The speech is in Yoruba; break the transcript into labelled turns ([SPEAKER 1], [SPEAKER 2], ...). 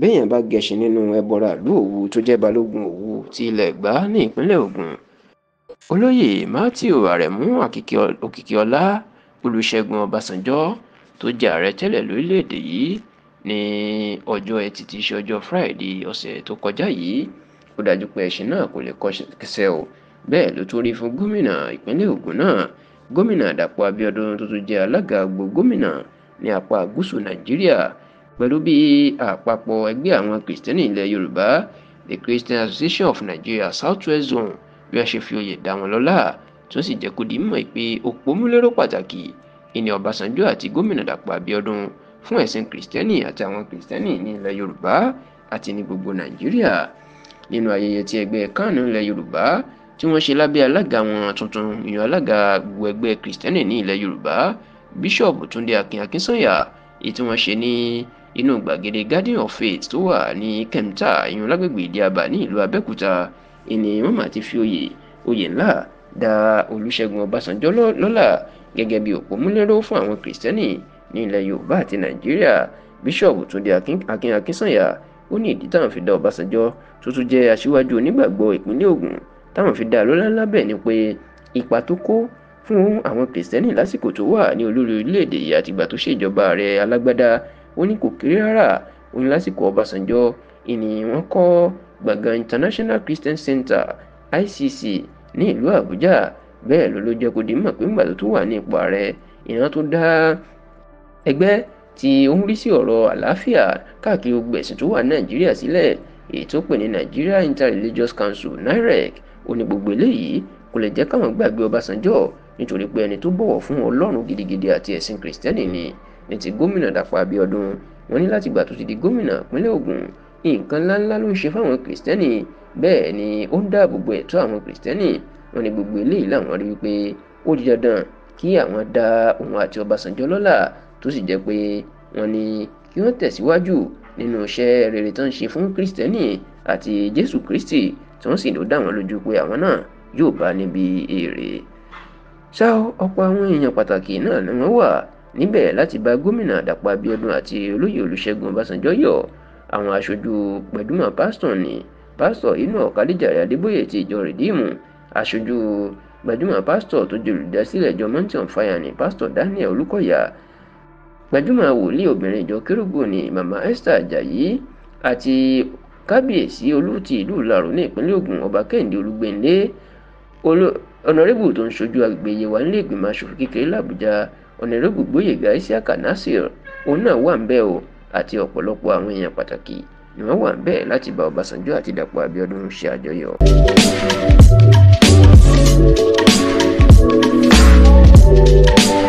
[SPEAKER 1] béèyàn bá gẹṣin nínú ẹbọra ìlú òwu tó jẹ́ balógun òwu ti ilẹ̀ ẹ̀gbá ní ìpínlẹ̀ ògùn olóyè matthew aremu òkìkíọlá olùṣègùn ọbásanjọ́ tó jẹ́ ààrẹ tẹ́lẹ̀ lórílẹ̀‐èdè yìí ní ọjọ́ ẹtì tí ṣe ọjọ́ friday ọ̀sẹ̀ tó kọjá yìí ó dájú pé ẹṣin náà kò lè kọsẹ̀ o bẹ́ẹ̀ ló tún rí fún gómìnà ìpínlẹ̀ ògùn náà gómìnà dàpọ̀ abíọ́dún tó tún jẹ́ alága gbogbo gómìnà ní apá gúúsù nàìjíríà pẹ̀lú bí àpapọ̀ ẹgbẹ́ àwọn kìrìsìtẹ́nì ilẹ̀ yorùbá the christian association of nigeria southwest zone bí wọ́n ṣe fi oyè dá wọn lọ́lá tó sì jẹ́ kó di mọ̀ pé òpómúléró pàtàkì ìní ọbásanjọ́ àti gómìnà dàpọ̀ abíọ́dún fún ẹ̀sìn kìrìsìtẹ́nì àti àwọn kìrìsìtẹ́nì ní ilẹ̀ yorùbá àti ní gbogbo nàìjíríà nínú ayẹyẹ ti ẹgbẹ́ kánú ilẹ̀ yorùbá tí wọ́n ṣe lábẹ́ alága wọn tuntun ìyàn alága gbogbo ẹgbẹ́ kìrìsìtẹ́nì ní ilẹ̀ yorùbá bíṣọ̀bù inú gbàgede garden of faith tó wà ní kẹ́ńtà ìyún lágbègbè ìdíyàbà ní ìlú abẹ́òkúta ènìyàn mà ti fi oyè oyè ńlá dá olùṣègùn ọbásanjọ́ lọ́lá gẹ́gẹ́ bí òpómúléró fún àwọn kìrìsìtẹ́nì ní ilẹ̀ yorùbá àti nàìjíríà bíṣọ̀bù túnde akin akínsànyà ó ní ìdí táwọn fi dá ọbásanjọ́ tó tún jẹ́ aṣíwájú onígbàgbọ́ ìpínlẹ̀ ògùn táwọn fi dá lọ́lá ńlá ni pé ipa tó kó fún àwọn kìrìsìtẹ́nì lásìkò tó wà ní olórí orílẹ̀-èdè yìí àtìgbà tó ṣèjọba rẹ̀ alágbádá ó ní kò kéré rárá ó lásìkò Ọbásanjọ́ ènìyàn wọn kọ́ gbọ̀ngàn International Christian Center ICC ní ìlú Àbújá bẹ́ẹ̀ ló ló jẹ́ kó di mọ̀ pé ńgbà tó tún wà ní ipò ààrẹ ìran tó dá ẹgbẹ́ tí ó ń rí sí ọ̀rọ̀ àlàáfíà káàkiri gbogbo ẹ̀sìn tó wà Nàìjíríà sílẹ̀ èyí tó pè ní Nigeria Interreligious Council NIREC ó ní gbogbo eléyìí kò lè jẹ́ káwọn gbàgbé Ọbásanjọ́ nítorí pé ẹni tó bọ̀wọ̀ fún Ọlọ́run gidigidi àti ẹ̀sìn Kristẹni ni ní ti gómìnà Dàpọ̀ Abíọ́dún wọ́n ní látìgbà tó ti di gómìnà ìpínlẹ̀ Ògùn nǹkan ńláńlá ló ń ṣe fáwọn kìrìsìtẹ́nì bẹ́ẹ̀ ni ó ń dáàbò bo ẹ̀tọ́ àwọn kìrìsìtẹ́nì wọ́n ní gbogbo eléyìí làwọn rí wípé ó di dandan kí àwọn dá òun àti Ọbásanjọ́ lọ́lá tó sì jẹ́ pé wọ́n ní kí wọ́n tẹ̀síwájú nínú iṣẹ́ rere tó ń ṣe fún kìrìsìtẹ́nì àti Jésù Kristi tí wọ́n sì ló dá wọn lójú pé àwọn náà yóò bá níbi èrè ṣá ọ̀pọ̀ àwọn èèyàn pàtàkì náà ni wọ́n wà níbẹ̀ láti bá gómìnà Dàpọ̀ Abíọ́dún àti olóyè Olúṣẹ́gun Ọbásanjọ́ yọ̀ àwọn aṣojú pẹ̀dúmọ̀ pásítọ̀ ni pásítọ̀ Enoch Adéjàre Adébóyè ti ìjọ Rìdíìmù aṣojú gbajúmọ̀ pásítọ̀ tó di olùdásílẹ̀ ìjọ Mountain Fire ni pásítọ̀ Daniel Olúkọ̀yà gbajúmọ̀ wòlíì obìnrin ìjọ Kérúbù ni màmá Esther Ajayi àti kábíyèsí olùtì ìlú Ìlọrin ní ìpínlẹ̀ Ògùn ọba Kẹ́hìndé Olúgbẹ́ńlé ọ̀nàrẹ́bù tó ń ṣojú agbègbè Yewa nílé ìgbìmọ̀ aṣòfin kékeré l'Àbújá ọ̀nàrẹ́bù gbóyèga isiaka nasir òun náà wà ń bẹ̀ o àti ọ̀pọ̀lọpọ̀ àwọn èèyàn pàtàkì ni wọ́n wà ń bẹ́ẹ̀ láti bá Ọbásanjọ́ àti Dàpọ̀ Abíọ́dún ṣe àjọyọ̀. thank you